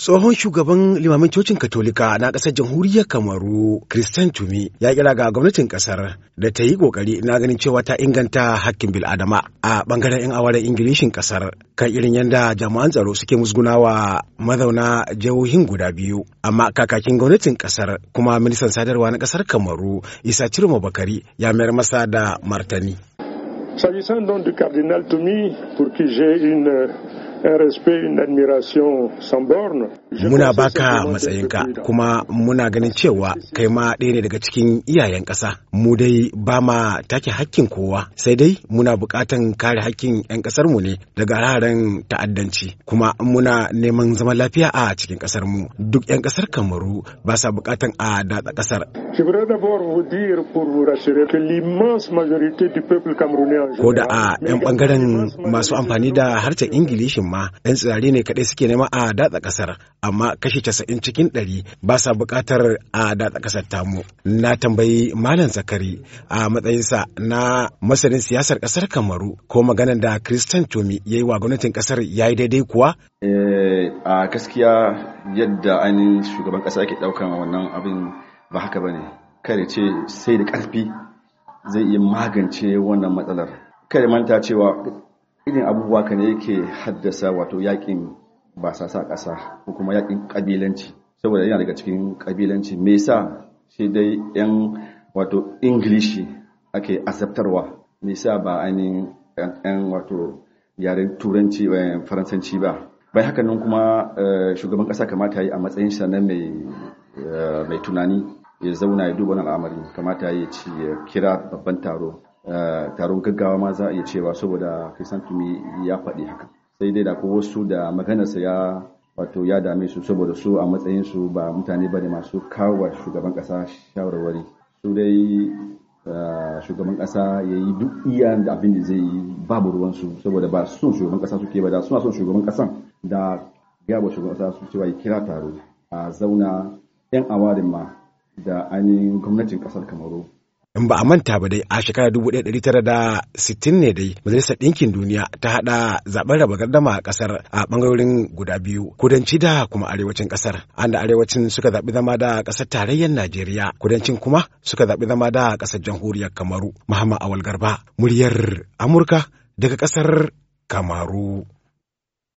Tsohon shugaban limamin cocin Katolika na ƙasar jamhuriyar Kamaru, Christian Tumi, ya kira ga gwamnatin ƙasar da ta yi ƙoƙari na ganin cewa ta inganta hakkin bil'adama a bangaren 'yan awarin Ingilishin ƙasar kan irin yadda jama'an tsaro suke musgunawa mazauna jihohin guda biyu. Amma kakakin gwamnatin ƙasar kuma ministan sadarwa na ƙasar Kamaru, Isa Cirma Bakari, ya mayar masa da martani. S'agissant Tumi, pour Muna baka matsayinka kuma muna ganin cewa kai ma ɗaya ne daga cikin iyayen ƙasa. Mu dai ba ma take hakkin kowa sai dai muna buƙatan kare hakkin 'yan ƙasarmu ne daga hararen ta'addanci kuma muna neman zaman lafiya a cikin ƙasarmu. Duk 'yan ƙasar Kamaru ba sa buƙatan a datsa ƙasar. Ko da a 'yan ɓangaren masu amfani da harshen Ingilishin ma yan tsirare ne kaɗai suke nema a datsa ƙasar amma kashi casa'in cikin ɗari ba sa buƙatar a datsa ƙasar tamu na tambayi malam zakari a matsayinsa na masanin siyasar ƙasar kamaru ko maganar da kristan tomi ya yi wa gwamnatin ƙasar ya yi daidai kuwa eh, a gaskiya yadda ainihin shugaban ƙasa yake ɗaukan wannan abin ba haka bane, ne kare ce sai da ƙarfi zai iya magance wannan matsalar kare manta cewa irin abubuwa ka ne yake haddasa wato yakin basasa ƙasa ko kuma yakin ƙabilanci saboda yana daga cikin ƙabilanci me yasa shi dai yan wato ingilishi ake asabtarwa me yasa ba ainihin yan wato yaren turanci eh, faransanci ba bai haka nan kuma eh, shugaban ƙasa kamata yi a matsayin sa na eh, mai tunani ya zauna ya duba wannan al'amari kamata ya ci kira babban taro Eh, taron gaggawa ma za a iya cewa saboda Christian ya faɗi haka sai dai da ko wasu da maganarsa ya wato ya dame su saboda su a matsayin su ba mutane bane masu kawo shugaban kasa shawarwari su dai eh, shugaban kasa ya yi duk iya da abin da zai yi babu ruwan su saboda ba son shugaban kasa suke ba da suna son shugaban kasan da gaba shugaban kasa su cewa ya kira taro a zauna yan awarin ma da ainihin gwamnatin kasar kamaru in ba a manta ba dai a shekara da sittin ne dai majalisar ɗinkin duniya ta haɗa zaben raba gardama a ƙasar a bangarorin guda biyu kudanci da kuma arewacin ƙasar an da arewacin suka zaɓi zama da ƙasar tarayyar najeriya kudancin kuma suka zaɓi zama da ƙasar jamhuriyar kamaru muhammad awal garba muryar amurka daga ƙasar kamaru